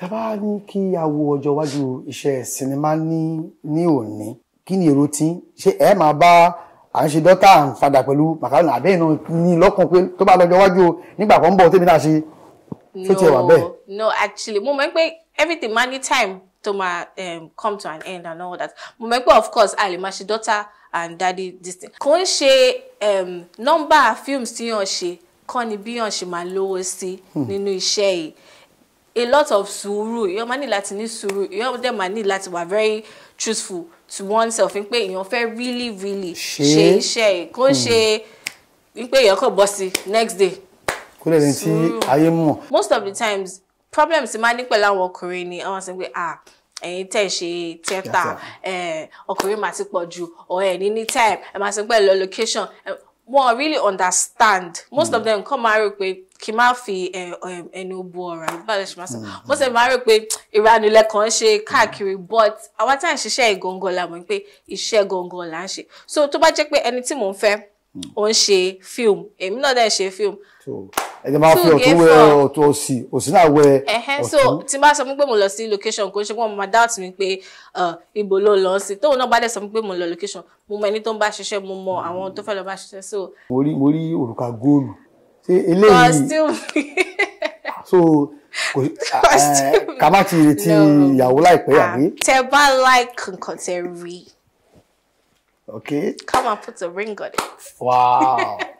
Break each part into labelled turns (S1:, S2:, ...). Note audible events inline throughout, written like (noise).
S1: tá a bá ní kí a wo ọjọ́ iwájú iṣẹ́ sinimá ní ní òní kí ni èrò tí ṣé ẹ máa bá à ń ṣe dọ́tà ń fadà pẹ̀lú màkàrún àbẹ́ ìnáwó ní lọ́kàn pé tó bá lọ́jọ́ iwájú nígbà kan ń bọ̀ tèmi náà ṣe
S2: tó tiẹ̀ wà bẹ́ẹ̀. no actually mo mọ̀ pé everything ma time to ma um, come to an end and all that mo mọ̀ pé of course a lè máa ṣe dọ́tà and daddy this thing kò ń ṣe um, nọ́mbà films tí yàn ṣe kọ́ bí yàn ṣe máa lówó sí hmm. nínú iṣẹ́ yìí a lot of sùúrù èèyàn máa ní láti ní sùúrù èèyàn dẹ̀ máa ní láti wà very truthful to oneself pé èèyàn fẹ́ really really ṣe iṣẹ́ ẹ̀ kó ṣe hmm. pé èèyàn kò bọ́ sí next day. kó lè ní tí ayé mọ̀. most of the times problems máa ní pẹ̀lú àwọn ọkùnrin ni àwọn sọ pé ah ẹ̀yin tẹ́ ṣe theatre ọkùnrin máa ti pọ̀ jù ọ̀ ẹ̀ ní ní time ẹ̀ máa sọ pé ẹ̀ lọ location wọn really understand most mm. of hmm. them come marry pé kí n má fi eh, eh, ẹnu bo ọ̀rọ̀ ìbálẹ̀ ṣe máa sọ hmm. most of them marry pé ìranulẹ̀ kan ṣe káàkiri hmm. but àwa tá à ń ṣiṣẹ́ ìgangan la mọ̀ pé iṣẹ́ gangan là ń ṣe so tó bá jẹ́ pé ẹni tí mò ń fẹ́ ó ń ṣe fíìmù èmi náà dẹ̀ ṣe fíìmù.
S1: ẹni máa fi ọ̀tún wẹ ọ̀tún òsì òsì náà wẹ ọ̀tún. so
S2: tí n bá sọ pé mo lọ sí location kò ṣe pé mo máa doubt mi pé ibo ló lọ sí tóun náà bá dẹ̀ sọ pé mo lọ location mo mọ ẹni tó ń bá ṣiṣẹ́ mo mọ àwọn tó fẹ́ lọ bá ṣiṣẹ́ so.
S1: mo rí mo rí òrùka góòlù ṣé eléyìí (laughs) so kò (laughs) ká má ti retí ìyàwó láìpẹ́ yàgbé. Ah,
S2: tẹ bá láìkì nǹkan tẹ rí i. Okay. Come and put a ring on it.
S1: Wow. (laughs)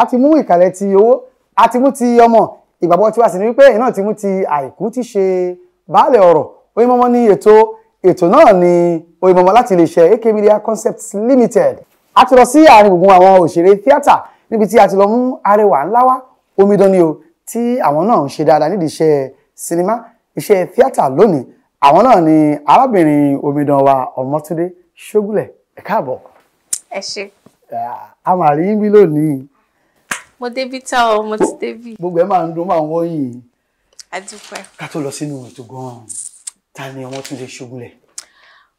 S1: àwa ti mú ìkàlẹ̀ ti owó a ti mú ti ọmọ ìgbàgbọ́ tiwa sì ni wípé iná ti mú ti àìkú ti ṣe baálẹ̀ ọ̀rọ̀ Oyinmomo ní ètò ètò náà ni Oyinmomo láti iléeṣẹ́ AK Media Concepts Limited a ti lọ sí àárín gbùngbùn àwọn òṣèré tíátà níbi tí a ti lọ mú arẹwà ńlá wá omidan ni o tí àwọn náà ń ṣe dáadáa nídìí iṣẹ́ sinimá iṣẹ́ tíátà lónìí àwọn náà ni arábìnrin omidan wa Ọmọ́túndé Ṣógúnlẹ̀ ẹ káàbọ̀. ẹ ṣe. a máa rí bí lónìí
S2: mo débi tá ọ mo ti débi.
S1: gbogbo ẹ máa ń dún máa ń wọ́yìn. a dúpẹ́. ká tó lọ sínú ètò gan-an ta ni Ọmọ́túndé Ṣógúnlẹ̀.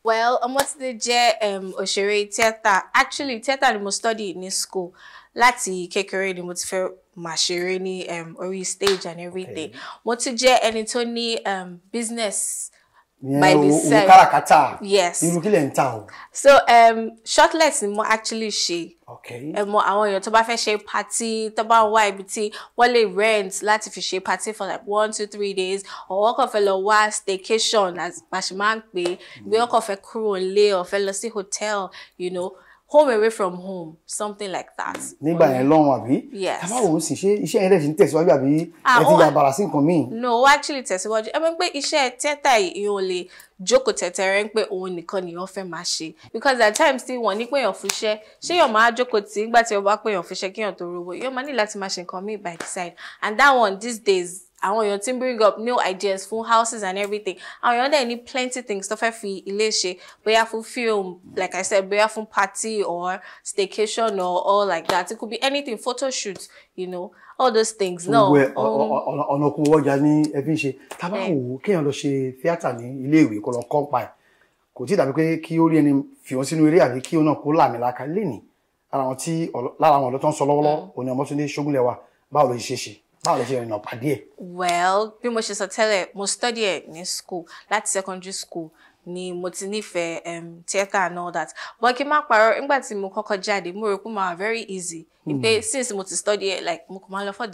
S2: well Ọmọ́túndé jẹ́ um, òṣèré tíátà actually tíátà ni mo study ní school láti kékeré ni mo ti fẹ́ máa ṣeré ní um, orí stage and everything okay. mo tún jẹ́ ẹni tó ní um, business by the cell.
S1: káràkátà yes
S2: so um, shortlet ni mo actually she. Okay. mọ àwọn èèyàn tó bá fẹ́ ṣe party tó bá wá ibi tí wọ́n lè rent láti fi ṣe party for like one two three days ọ̀wọ́ kan fẹ́ lọ wá staycation as bàṣẹ máa ń pè é bí wọ́n kàn fẹ́ kúrò nílé ó hotel you know home away from home something like that. nígbà yẹn lọ́run àbí. yes tàbá wo
S1: sì ṣe iṣẹ́ yẹn lè ṣe ń tẹ̀síwájú àbí ah, ẹ ti ya oh, sí nǹkan míì.
S2: no ó actually tẹ̀síwájú ẹ mọ̀ pé iṣẹ́ tẹ́tà yìí ò lè jókòó tẹ̀tẹ̀rẹ́ ń pé òun nìkan nìyàn fẹ́ máa ṣe because at times tí wọ́n ní pé èèyàn fúnṣẹ́ ṣé èèyàn máa jókòó tí nígbà tí wọ́n bá pé èèyàn fúnṣẹ́ kí èèyàn tó rówó èèyàn máa ní láti máa ṣe nǹkan míì by the side and that one these days àwọn èèyàn ti ń bring up new ideas fún houses and everything àwọn èèyàn dẹ̀ ní plenty things tó fẹ́ fi ilé ṣe bóyá fún film like I said bóyá fún party or staycation or all like that it could be anything photo shoot you know all those things náà. gbogbo ẹ um,
S1: ọ̀nà kún wọ́jà ní ẹbí ṣe tábà eh. wò ó kéèyàn lọ ṣe theatre ní iléèwé kó lọ kọ́ pa ẹ̀ kò tí ì dàbí pé kí ó rí ẹni fi wọn sínú eré àbí kí ó náà kó làmìlaka lé ní lára àwọn tí lára àwọn ọ̀dọ́ tó ń sọ lọ́wọ́lọ́wọ́ mm. òní ọmọ tó ní ṣógúnlẹ̀ wa báwo ló ṣe ṣe báwo lè ṣe ìrìnà pàdé ẹ̀.
S2: well bí mo ṣe sọ tẹ́lẹ̀ mo study ẹ̀ ní school láti secondary school ni mo ti nífẹ̀ẹ́ um, and all that but kí n má parọ́ nígbà tí mo kọ́kọ́ jáde mo rò pé ma very easy ìpè hmm. since mo ti study it like mo kò máa lọ for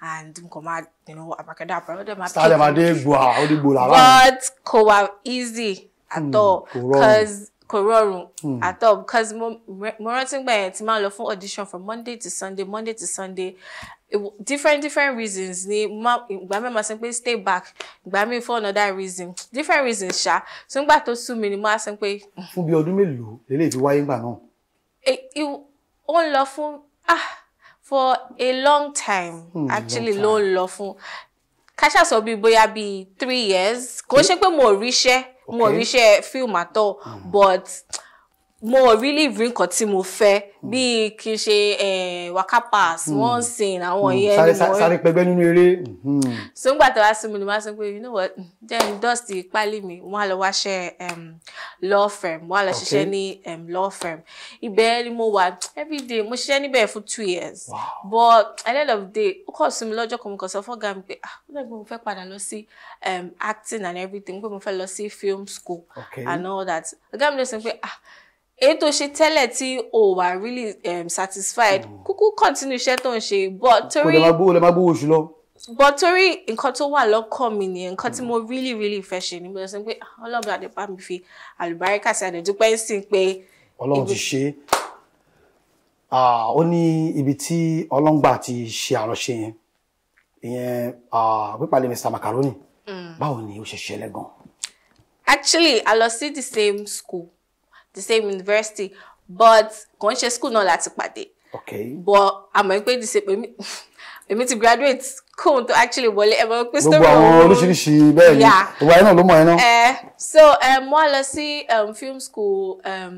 S2: and mo kò máa you know abakada àpárọ̀ dẹ̀ máa. sáré máa dé
S1: gbòà ó dé gbòà lára. but
S2: kò wá easy at hmm, all because. Mm, kò rọrùn hmm. at all because mo rántí gbà yẹn ti máa lọ fún audition from monday to sunday monday to sunday different different reasons ni ìgbà mi máa sọ pé stay back ìgbà mi for another reason different reasons ṣá tó ń gbà tó sú mi ni mo á sọ pé.
S1: fún bí ọdún mélòó lélẹ́yìí fi wáyé ńgbà náà.
S2: E, ó ń lọ fún ah for a long time hmm, actually ló ń lọ fún ká ṣàṣọ bíi bóyá bíi three years kò ń ṣe pé mo ríṣẹ́ okay. mo ríṣẹ́ film àtọ̀ hmm. but mo really bring nǹkan tí mo fẹ́ bíi kì í ṣe eh, wakapas hmm. one sin àwọn hmm. yẹn ni mo rí sáré
S1: pẹgbẹ nínú eré. Hmm.
S2: so ngbà tó wá sí mi ni wọ́n sọ pé you know what then dust pálí mi wọ́n á lọ wáṣẹ́ law firm wọ́n á lọ ṣiṣẹ́ ní law firm ibẹ̀ ni mo wà everyday mo ṣiṣẹ́ níbẹ̀ fún two years but at the end of the day ó kọ̀ sí mi lọ́jọ́ kan mo kàn sọ fọ́gà mi pé ah ó dẹ̀ mo fẹ́ padà lọ sí acting and everything pé mo fẹ́ lọ sí film school and all that ọ̀gá mi lè sọ pé ah èyí tó ṣe tẹ́lẹ̀ tí o wà really um, satisfied hmm. kúkú continue iṣẹ́ tó ń ṣe but torí kò lè máa gbówó
S1: lè máa gbówó oṣù lọ.
S2: but torí nǹkan tó wà lọ́kàn mi nìyẹn nǹkan tí hmm. mo really really fẹ́ ṣe ni mo sọ pé ah, ọlọ́run àdé bá mi fi àlùbáríkà sí àdé dúpẹ́ sí pé. ọlọ́run ti ṣe
S1: ah, ó ní ibi tí ọlọ́ngbà ti ṣe àròṣe yẹn ìyẹn ah, pípàlẹ̀ Mr Macaroni hmm. báwo ni ó ṣe ṣẹlẹ̀ gan.
S2: actually I lọ sí the same school the same university but kàn ṣe school náà láti pàdé. okay. but àmọ́ pé the same èmi èmi ti graduate kóun tó actually wọlé ẹ mọ̀ pé story gbogbo àwọn oríṣiríṣi
S1: bẹ́ẹ̀ ni ìwà iná ló mọ̀ iná.
S2: so eh, mo um, wá lọ sí um, film school um,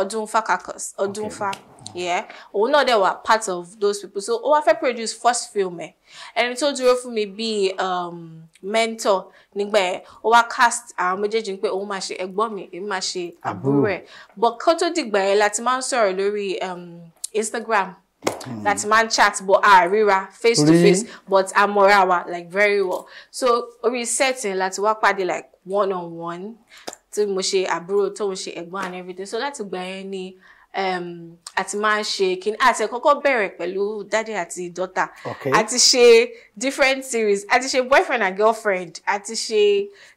S2: Ọdúnfà Kakos Ọdúnfà. Okay yeah òun náà dẹ̀ wà part of those people so ó wá fẹ́ produce first film ẹ̀ ẹni tó dúró fún mi bíi um, mentor nígbà yẹn ó wá cast àwọn méjèèjì pé òun máa ṣe ẹ̀gbọ́n mi èmi máa ṣe àbúrò ẹ̀ but kó tó dìgbà yẹn láti máa ń sọ̀rọ̀ lórí um, Instagram hmm. láti man chat but a ríra face to face but a mọ̀ra like very well so orí setting láti wá pàdé like one on one tí mo ṣe àbúrò tóun ṣe ẹ̀gbọ́n and everything so láti gbà yẹn ni àti máa ń ṣe kíní àti ẹ̀kọ́kọ́ bẹ̀rẹ̀ pẹ̀lú daddy àti daughter àti ṣe different series àti ṣe boyfriend and girlfriend àti ṣe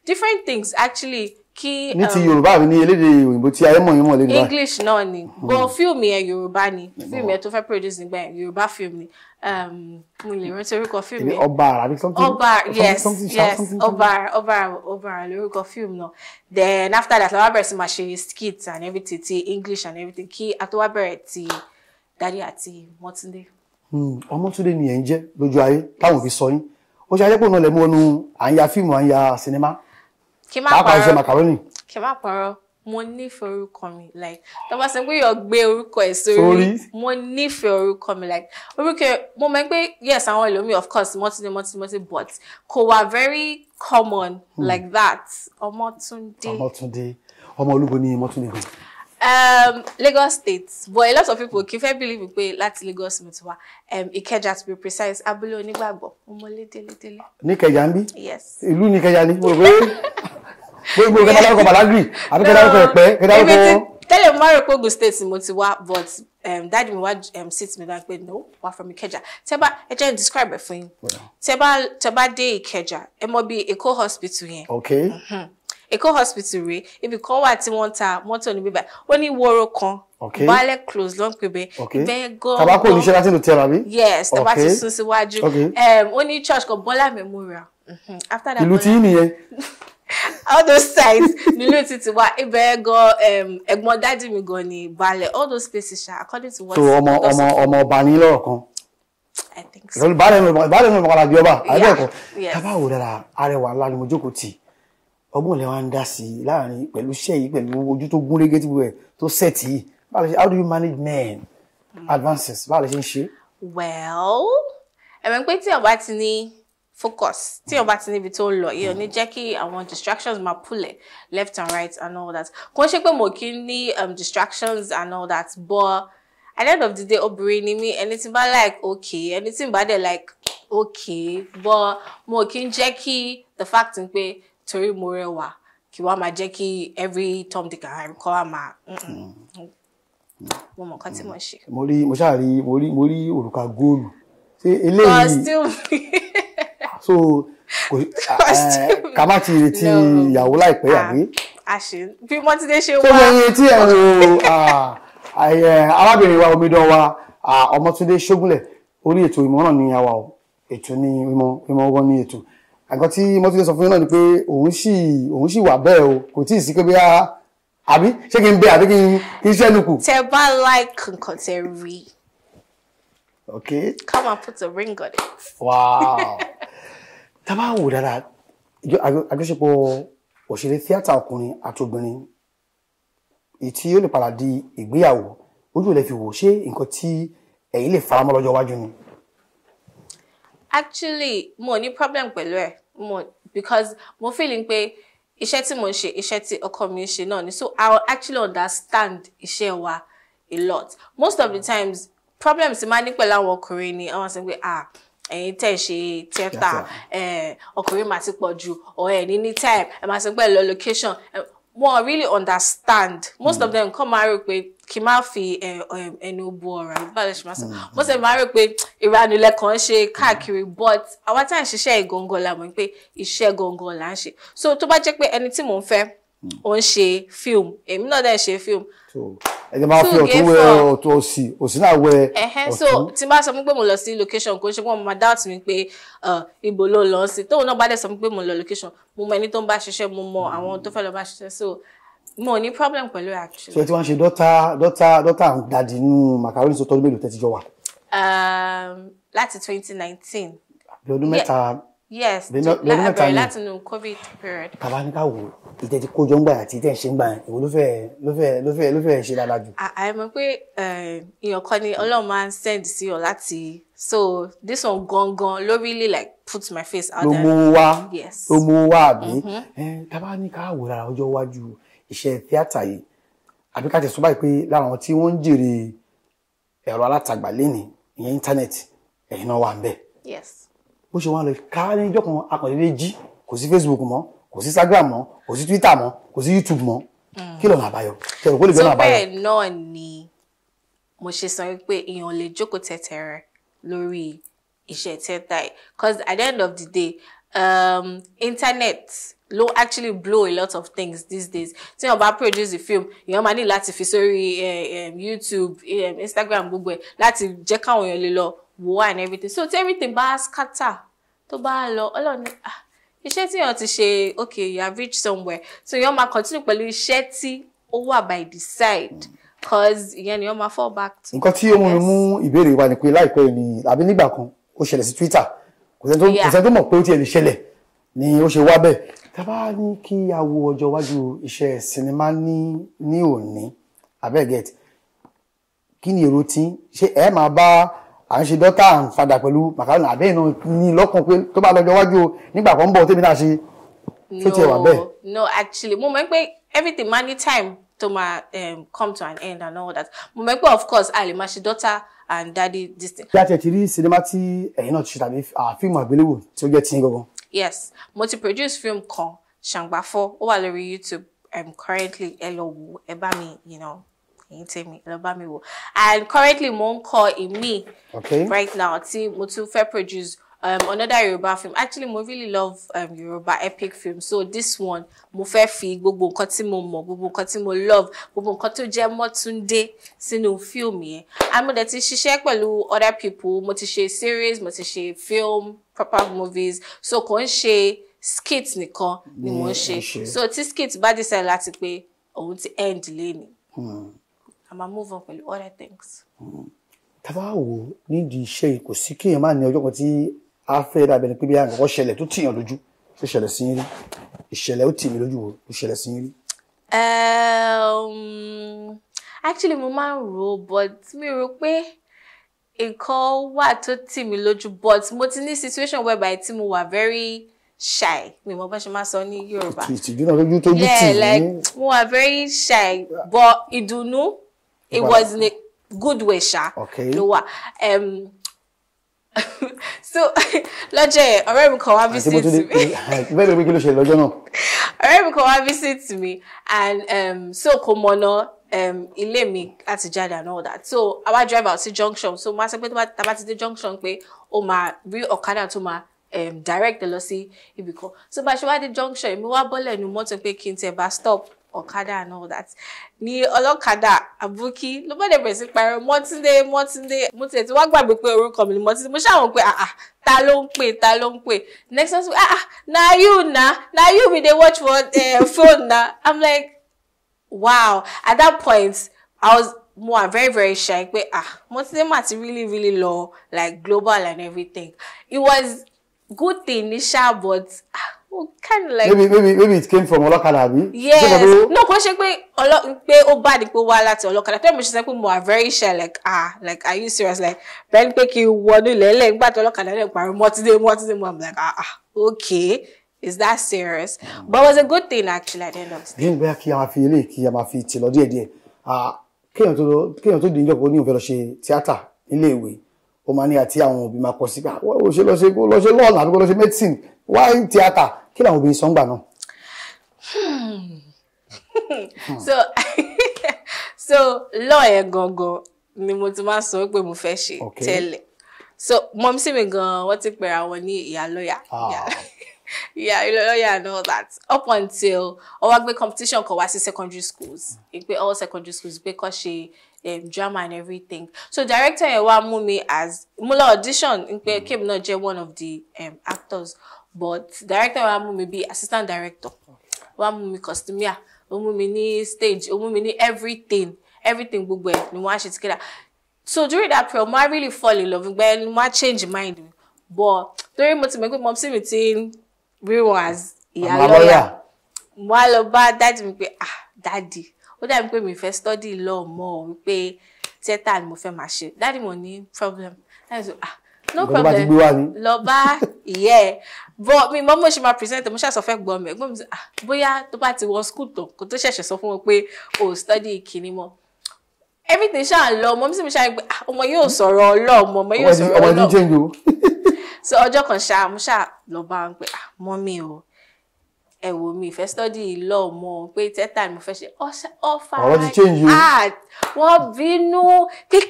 S2: different things actually kí. ní ti um, yorùbá mi ní elédè
S1: òyìnbó tí ayé mọ̀ yín mọ̀ lédè báyìí.
S2: english náà ni but fíìmù yẹn yorùbá ni fíìmù yẹn tó fẹ́ produce nígbà yẹn yorùbá fíìmù ni um, mo lè rántí orúkọ fíìmù yẹn. ọba
S1: ara àbí something. ọba yes yes ọba
S2: ara ọba ara ọba ara lórúkọ fíìmù náà then after that la wá bẹ̀rẹ̀ sí máa ṣe skits and everything ti english and everything kí a tó wá bẹ̀rẹ̀ ti dádì àti mọ́túndé.
S1: Hmm, ọmọtúndé ni ẹ̀ ń jẹ́ lójú ayé táwọn òbí sọ yín ó ṣe ajẹ́pọ̀ náà lẹ́mú ọnu
S2: kí má pààrọ̀ pàápàá ṣe macaroni. kí má pààrọ̀ mo nífẹ̀ẹ́ orúkọ mi like tó bá sọ pé yóò gbé orúkọ ẹ̀ sórí mo nífẹ̀ẹ́ orúkọ mi like orúkọ mo mọ̀ pé yes àwọn ẹlòmíì of course mọ́tìní mọ́tìní mọ́tìní but kò wà very common hmm. like that ọmọtúndé.
S1: ọmọtúndé ọmọ olúbo ni mọ́túndé kan.
S2: Um, Lagos State but a lot of people kì í fẹ́ believe pé láti Lagos mo ti wá um, Ìkẹjà to be precise abúlé onígbàgbọ́ ọmọlédélédélé. níkẹjà ń bí. yes.
S1: ìlú níkẹjà ni mo rò pé gbogbo kẹta dárúkọ balagri àbí kẹta dárúkọ ẹ̀pẹ́ kẹta dárúkọ.
S2: tẹ́lẹ̀ mo máa rò pé Ogun State ni mo ti wá but um, dadi mi wá um, sit mi dá pé no wá from Ìkẹjà tẹ́ bá ẹ jẹ́ n describe ẹ̀ fún yín tẹ́ bá tẹ́ bá dé Ìkẹjà ẹ mọ̀ bí Èkó hospital yẹn. okay. Mm-hmm. Èkó hospital rèé ibi kan wà tí wọ́n ta mọ́tò ní bíbá ó ní wóró kan balẹ̀ close ló ń pè bẹ́ẹ̀ ibẹ̀ gan-an tabako oníṣẹ́ láti
S1: lò tí a rà bí. yes tó bá ti sún síwájú
S2: ó ní church kan Bọ́lá memorial mhm. after that ìlú tí
S1: nìyẹn. (laughs)
S2: all those sites nílò títí wa ibẹ̀ gan ẹ̀gbọ́n dádì mi gan ni balẹ̀ all those places ṣá according to what. so ọmọ ọmọ
S1: ọmọ ọba ní lọ́rọ̀ kan baálẹ̀ mi baálẹ̀ mi ọmọkàlà bí ọba àbẹ̀kọ tábà wò dára arẹwà ńlá ni mo jókòó tì ọgbọ́n lẹ́wà ń dá sí i láàrin pẹ̀lú iṣẹ́ yìí pẹ̀lú ojú tó gún régé tìbú ẹ̀ tó sẹ́ẹ̀tì báwo how do you manage men hmm. advances báwo ṣe ń ṣe.
S2: well ẹ̀mẹ̀ pé tí ọba ti ní focus tí o mm. bá ti níbi tó ń lọ yìí ò ní mm. jẹ́ kí àwọn distractions máa pulẹ̀ left and right and all that kò ń ṣe pé mo kì í ní um, distractions and all that but at the end of the day obìnrin ni mí ẹni tí n bá like okay ẹni tí n bá dẹ̀ like okay but mo kì í jẹ́ kí the fact n pé torí mo rẹwà kí wàá máa jẹ́ kí every tom dick and harry kọ́ wa máa mm. mo mọ̀ nǹkan tí mo ṣe.
S1: mo rí mo ṣáà rí mo rí òrùka góòlù ṣé
S2: eléyìí. (laughs)
S1: so (laughs) eh, ká má ti retí ìyàwó láìpẹ́ ah, àbí.
S2: àṣì bí mọ́tídé ṣe wá. tó yẹ iye tí
S1: ẹ̀rọ arábìnrin wa omidan wa ah, ọmọtúndé ṣógúnlẹ̀ orí ètò ìmọ̀ náà ni àwa ètò ni ìmọ̀ ìmọ̀ wọn ni ètò àgbọn tí mọ́tídé sọ fún yín náà ni pé òun sì òun sì wà bẹ́ẹ̀ o kò tí ì sí pé bí a àbí ṣé kí n bẹ àbí kí n ṣẹ́nu kù.
S2: tẹ bá like nǹkan tẹ rí. okay. come and put a ring on it.
S1: wow. (laughs) tábà wò dáadáa àjọṣepọ̀ òṣèré tíátà ọkùnrin àti obìnrin tí ó lè padà di ìgbéyàwó ojú rẹ fi wò ṣé nǹkan tí ẹ̀yin lè faramọ́ lọ́jọ́ iwájú ni.
S2: actually mo ní problem pẹ̀lú ẹ̀ mo because mo feeling pé iṣẹ́ tí mo ń ṣe iṣẹ́ tí ọkọ mi ń ṣe náà ni so I actually understand iṣẹ́ wa a lot most of the times problems ti máa ní pẹ̀lú àwọn ọkùnrin ni àwọn sọ pé ah ẹ̀yin tẹ́ ṣe tẹ́ta eh, ọkùnrin máa ti pọ̀ jù or ẹ̀ ní time ẹ̀ máa ti pẹ́ lọ location eh, wọn really understand most mm. of them kàn máa rò pé kí n má fi eh, ẹnu bu ọ̀rọ̀ àbí báyìí ṣe máa sọ mm. mo sì máa rò pé ìranulẹ̀ ṣe káàkiri but àwa tá à ń ṣiṣẹ́ ìgangan la mọ̀ pé iṣẹ́ gangan là ń ṣe so tó bá jẹ́ pé ẹni tí mò ń fẹ́ ó ń ṣe fíìmù èmi náà dẹ̀ ṣe fíìmù.
S1: ẹ̀jẹ̀ máa fi ọ̀tún wẹ ọ̀tún òsì òsì náà wẹ ọ̀tún. so
S2: tí n bá sọ pé mo lọ sí location kò ń ṣe pé wọ́n máa doubt mi pé ibo ló lọ sí tóun náà bá dẹ̀ sọ pé mo lọ location mo mọ ẹni tó ń bá ṣiṣẹ́ mo mọ àwọn tó fẹ́ lọ bá ṣiṣẹ́ so mo ní problem pẹ̀lú actually. so ẹ ti wá
S1: ń ṣe dọ́tà dọ́tà dọ́tà and daddy nínú macaroni sọ́tọ́ ọdún mélòó tẹ́ ti jọ wà.
S2: láti twenty nineteen yes bẹ̀rẹ̀ láti nu covid period.
S1: bàbá ní ká wò ìtẹ́ ti kójọ ń gbà àti ìtẹ́ ṣe ń gbà ìwọ ló fẹ́ ló fẹ́ ló fẹ́ ló fẹ́ ṣe dáadáa jù.
S2: àìmọ̀ pé eh, èèyàn kan ni ọlọ́run máa ń send sí ọ láti so this one gangan ló really like put my face out there. ló mú wá
S1: ló mú wá àbí mm-hmm. eh, tábà ní ká wò lára ọjọ́ iwájú iṣẹ́ tíátà yìí àbí ká ti sọ báyìí pé lára àwọn tí wọ́n ń jèrè ẹ̀rọ alátagbà lénìí ìyẹn íńtánẹ́ẹ̀tì ẹ̀yin náà wà ń bẹ̀. yes bó ṣe wọn lọ ká ní ìjọ kan akọ̀lélé jí kò sí facebook mọ́ kò sí instagram mọ́ kò sí twitter mọ́ kò sí youtube mọ́ hmm. kí lọ́nà àbáyọ kẹrù kó lè bẹ́ẹ̀ àbáyọ.
S2: bẹ́ẹ̀ náà ni mo ṣe sọ wípé èèyàn lè jókòó tẹ̀tẹ̀rẹ̀ lórí iṣẹ́ tẹ́tà ẹ̀ cause at the end of the day um, internet ló actually blow a lot of things these days tí wọn bá produce a film èèyàn máa ní láti fi sórí eh, eh, youtube eh, instagram gbogbo ẹ̀ láti jẹ́ káwọn èèyàn lè lọ wà and everything so tí everything bá scatter tó bá lọ ọlọ́run ah iṣẹ́ tí èèyàn ti ṣe okay you have reached somewhere so èèyàn máa continue pẹ̀lú iṣẹ́ tí ó wà by the side cause ìyẹn ni wọ́n máa fall back
S1: to. nǹkan tí ó mú mi mú ìbéèrè wa ni pé láìpẹ́ ni àbí nígbà kan ó ṣẹlẹ̀ sí Twitter kò sẹ́ni tó mọ̀ pé ó tiẹ̀ lè ṣẹlẹ̀ ni ó ṣe wá bẹ́ẹ̀ tá a bá ní kí a wo ọjọ́ iwájú iṣẹ́ sinimá ní ní òní abẹ́gẹ̀t kí ni èrò tí ṣé ẹ máa bá à ń ṣe dọ́tà ń fadà pẹ̀lú macaroni àbẹ́yìn náà ní lọ́kàn pé tó bá lọ́jọ́ wájú nígbà kan ń bọ̀ tèmi náà ṣe
S2: tó tiẹ̀ wà bẹ́ẹ̀. no actually mo mọ̀ pé everything ma ní time to ma um, come to an end and all that mo mọ̀ pé of course a lè máa ṣe dọ́tà and daddy this thing.
S1: bí a ti ti rí sinimá tí ẹ̀yin náà ti ṣe tàbí fíìmù àgbéléwò tí ó jẹ́ tiyín gangan.
S2: yes mo ti produce film kan ṣàǹgbàfọ́ ó wà lórí YouTube um, currently ẹ lọ wò ẹ bá mi you know, ẹ̀yin tèmi lọ bá mi wò and currently mo ń kọ èmi right now tí mo tún fẹ́ produce um, another Yoruba film. Actually, mo really love um, Yoruba epic film. So this one, mo fẹ́ fi gbogbo nǹkan tí mo mọ̀, gbogbo nǹkan tí mo love, gbogbo nǹkan tó jẹ́ Mọ́túndé sínú film yẹn. And mo dẹ̀ ti ṣiṣẹ́ pẹ̀lú other people. Mo ti ṣe series, mo ti ṣe film, proper movies. So kò ń ṣe skit nìkan ni mo ń ṣe. So tí skit bá decide láti pé òun ti end lé ni. Hmm a máa move on pẹ̀lú other things.
S1: Hmm. tábà wò nídìí iṣẹ́ yìí kò sí kéèyàn máa ní ọjọ́ kan tí a fẹ́ dàbẹ̀ ni pé bí àgbẹ̀kọ́ ṣẹlẹ̀ tó tìyàn lójú tó ṣẹlẹ̀ sí yín rí ìṣẹ̀lẹ̀ ó tì mí lójú wo ṣẹlẹ̀ sí yín rí.
S2: Um, actually mo máa ń rò ó but mi rò pé nǹkan wà tó tì mí lójú but mo ti ní situation whereby tí mo wà very shy mi mo bá ṣe máa sọ ní Yorùbá. ìtìjú
S1: náà lójú tó jù tì mí. yeah like
S2: mo wà very shy but ìdùnnú it was in a good way ṣá ló wà so (laughs) lọ́jọ́ yẹn ọ̀rẹ́ mi kan wá visit to me.
S1: ló wí (laughs) kí ló ṣe lọ́jọ́ náà
S2: (laughs) ọ̀rẹ́ mi kan wá visit mi and um, so kò mọ̀nà um, ilé mi láti jáde and all that so àwa drive out sí junction so máa sọ pé tá a bá ti dé junction pé ó máa rí ọ̀kadà tó máa um, direct lọ sí ibìkan so bá a ṣe wá dé junction èmi wá bọ́lẹ̀ nu mọ́tò pé kí n tẹ̀ bá stop ọ̀kadà and all that Ni ọlọ́kadà àbúkí ló bá dẹ̀ bẹ̀rẹ̀ sí pariwo mọ́túndé mọ́túndé mo tiẹ̀ ti wá gbàgbé pé orúkọ mi ni mọ́túndé mo ṣàwọn pé àà ah, ah, ta ló ń pè ta ló ń pè next time ah, ah na you na na you we dey watch for uh, phone na i'm like wow at that point i was mo are very very shy pé ah mọ́túndé mà ti really really lọ like global and everything it was good thing ní ṣáà but ah kind of like. maybe maybe
S1: maybe it came from ọlọ́kadà àbí. yes
S2: no kò ṣe pé ọlọ pé ó bá di pé wá láti ọlọ́kadà tẹ́lẹ̀ mo ṣe mo are very sure like ah like are you serious like bẹ́ẹ̀ ni pé kí n wọnú ilẹ̀ ilẹ̀ nígbà tí ọlọ́kadà náà pariwo mọ́tídé mọ́tídé mo am like ah ah okay is that serious mm. but it was a good thing actually at the end of the day.
S1: bí n bẹ́ẹ̀ kí a máa fi eléyìí kí a máa fi tì lọ díẹ̀díẹ̀ ah, kéèyàn tó kéèyàn tó di ìjọba oníhùn fẹ́ lọ ṣe tíátà nílé ìwé ó máa ní àti àwọn òbí máa kọ sí pé ó ah, ṣe lọ ṣe lọ́ọ̀lù àdúgbò lọ ṣe medicine why theatre kí làwọn obìnrin sọ ń gbà náà.
S2: Hmm. (laughs) so (laughs) so lọ́ọ̀ yẹn gangan ni mo ti máa sọ pé mo fẹ́ ṣe tẹ́lẹ̀ so mọ̀mí sí mi gan-an wọ́n ti pẹ̀rẹ̀ àwọn ní ah. (laughs) ìyá ìyá lọ́ọ̀yà and all that up until ó wá gbé competition kan wá sí secondary schools hmm. pé all secondary schools pé kọ́ ṣe drama and everything so director yẹn wá mú mi as mo lọ audition n pé kébì náà jẹ́ one of the um, actors but director wa mú mi bí assistant director wa mú mi customer ó mú mi ni stage ó mú mi ni everything everything gbogbo ẹ ni wọ́n á ṣe together so during that period mo really fall in love gbẹ ni mo change mind mi but during mo ti mọ̀ pé mo sì mi ti ń rí wọn mo á lọ bá dáàdì mi pé ah dáàdì ó dàbí pé mi fẹ́ study law mọ́ ọ wípé theatre ni mo fẹ́ máa ṣe dáàdì mo ní problem dáàdì sọ ah no problem lọ bá ìyẹ́ ẹ̀ but mi mọ́ mo ṣe máa present mo ṣàṣọ fẹ́ gbọ́ mi ẹ̀gbọ́n mi sọ ah, bóyá tó bá ti wọ school tán kó tó ṣẹ̀ṣẹ̀ sọ fún wọn pé o study kìíní mọ́ everything ṣáà lọ ọmọ mi sì mi ṣáà gbé ah, ọmọ yóò sọ̀rọ̀ ọlọ́ ọmọ ọmọ yóò sọ̀rọ̀ ọlọ́ so ọjọ́ kan ṣáà mo ṣáà lọ bá wọn pé ah, mọ́ mi o ẹ wò mí ìfẹ́ study law mọ́ pé tẹ́tà ni mo fẹ́ ṣe ọ̀fà art wọ́n bínú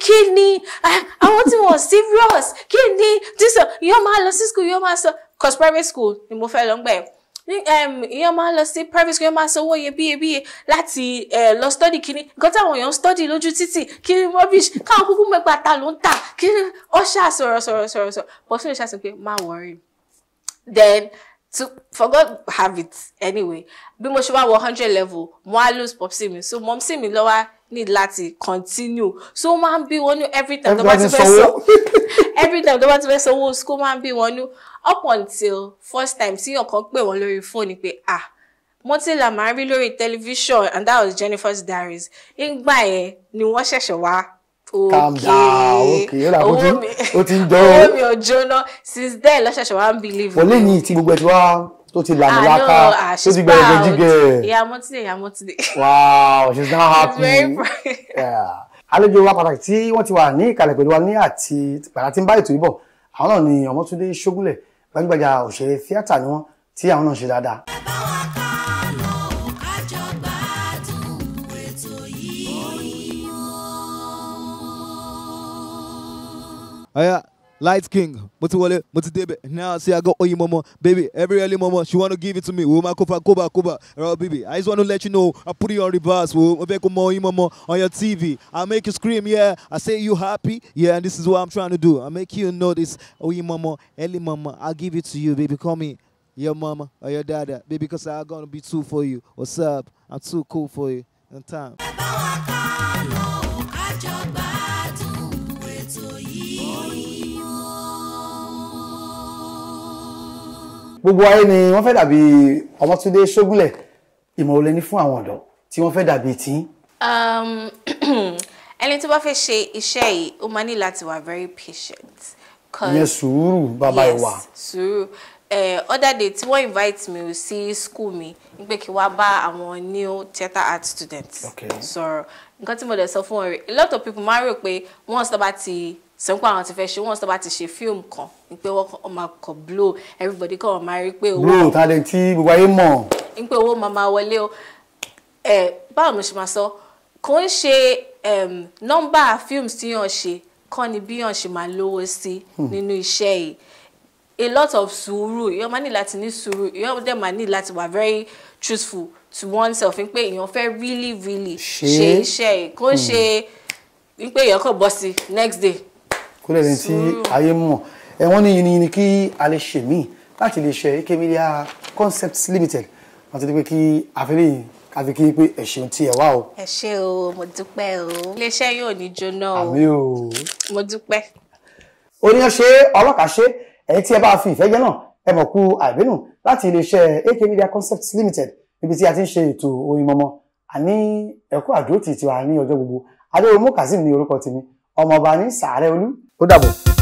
S2: kí ni eh, àwọn tí wọ́n serious kí ni dísọ yóò máa lọ sí school yóò máa sọ cause private school ni mo fẹ́ lọ ń gbà ẹ̀ èèyàn máa lọ sí private school èèyàn máa sanwó iyebíyebíye láti lọ study kínní nǹkan táwọn èèyàn ń study lójú títì kínní rubbish káwọn kúkú mẹ́gbà ta ló ń tà kínní ọ̀ṣà sọ̀rọ̀ sọ̀rọ̀ sọ̀rọ̀ sọ̀rọ̀ bọ́sùn ìṣàsìn pé má wọrí then to for God have it anyway bí mo ṣe wá wọ hundred level mo á lose popsi mi so mọ̀mísì mi lọ́wọ́ need láti continue so ó máa ń bí wọnú every time tó bá ti fẹ́ sanwó (laughs) every time tó bá ti fẹ́ sanwó school máa ń bí wọnú up until first time tí ọ̀kan pè wọ́n lórí fóònù pé ah mo ti là máa ń rí lórí tẹlifíṣàn and that was Jennifer's Diaries nígbà yẹn ni wọ́n ṣẹ̀ṣẹ̀ wá calm down okay ó ti
S1: ó ti ń jọ ó. owó mi
S2: ò jóná since then lọ́sẹ̀ṣẹ̀ wá ń believe. wọlé
S1: ní ìtí gbogbo ẹ̀ tí wá tó ti lànà láká tó ti gbẹ̀rẹ̀ gẹ́gẹ́.
S2: ìyá mọ́tídé ìyá mọ́tídé.
S1: wow she's now happy. àlejò wa pàtàkì tí wọ́n ti wà ní ìkàlẹ̀ pẹ̀lú wa ní àti pàtàkì tí ń bá ètò yìí bọ̀ àwọn náà ni Ọmọ́túndé Ṣógúnlẹ̀ gbajúgbajà òṣèré tíátà ni wọ́n tí àwọn náà ń ṣe dáadáa. Oh, yeah. Lights King, Mutuwale, Mutudebe. Now see I got Oyi Momo, baby. Every early Momo, she wanna give it to me. Woman Kofa Koba Koba. Right, baby. I just wanna let you know I put it on reverse. Obeko Oyi Momo on your TV. I make you scream, yeah. I say you happy, yeah. And this is what I'm trying to do. I make you know this Oyi Momo, early Momo. I give it to you, baby. Call me your mama or your dada, baby. Cause I'm gonna be too for you. What's up? I'm too cool for you. In time. gbogbo ayé ni wọ́n fẹ́ dàbí Ọmọ́túndé Ṣógúnlẹ̀ ìmọ̀ olè ní fún àwọn ọ̀dọ́ tí wọ́n fẹ́ dàbí tí.
S2: Um, (clears throat) ẹni tó bá fẹ́ ṣe iṣẹ́ yìí ó máa ní láti wà very patient. ìyẹn
S1: sùúrù bàbá ìwà. yes
S2: sùúrù uh, other day tí wọ́n invite me sí school mi n pé kí wá bá àwọn new theatre art students okay. sọ̀rọ̀ nǹkan tí mo dẹ̀ sọ fún wọn rè a lot of people máa rò pé wọ́n sábà ti sẹ́ńkọ́ àwọn ti fẹ́ ṣe wọ́n sábà ti ṣe fíìmù kan ní pé wọ́n máa kọ̀ blow everybody kọ́ máa rí pé owó. blow talent
S1: tí gbogbo ayé mọ̀.
S2: ní pé owó máa máa wọlé o ẹ báwo mo ṣe máa sọ kò ń ṣe nọ́mbà fíìmù tí yàn ṣe kọ́ ni bí yàn ṣe máa lówó sí hmm. nínú iṣẹ́ yìí a lot of sùúrù èèyàn máa ní láti ní sùúrù èèyàn dẹ̀ máa ní láti wà very truthful to oneself pé èèyàn fẹ́ really really ṣe iṣẹ́ yìí kò ń hmm. ṣe pé èèyàn kò bọ́ sí next day
S1: kó lè rìn tí ayé mọ̀ ẹ wọ́n ní yìnyín kí a lè ṣe míì láti lè ṣe AK Media Concepts Limited wọ́n ti di pé kí àfẹ́lẹ́ yìí àfi kí pé ẹ ṣeun tí ẹ wá o.
S2: ẹ ṣé o mo dúpẹ́ o iléeṣẹ́ yóò ní jóná o àmì o mo dúpẹ́.
S1: oníyan ṣe ọlọ́kàá ṣe ẹ̀yìn tí ẹ bá fi ìfẹ́ jẹ́ náà ẹ mọ̀ kú àìbínú láti iléeṣẹ́ AK Media Concepts Limited níbi tí a ti ń ṣe ètò oyin mọ́mọ́ àní ẹ̀kọ́ àdúrótì tiwa ní ọjọ́ gbogbo adéwòmú kazeem ní orúkọ tèmi ọmọọba ní sàárẹ̀ olú ó dàbọ̀.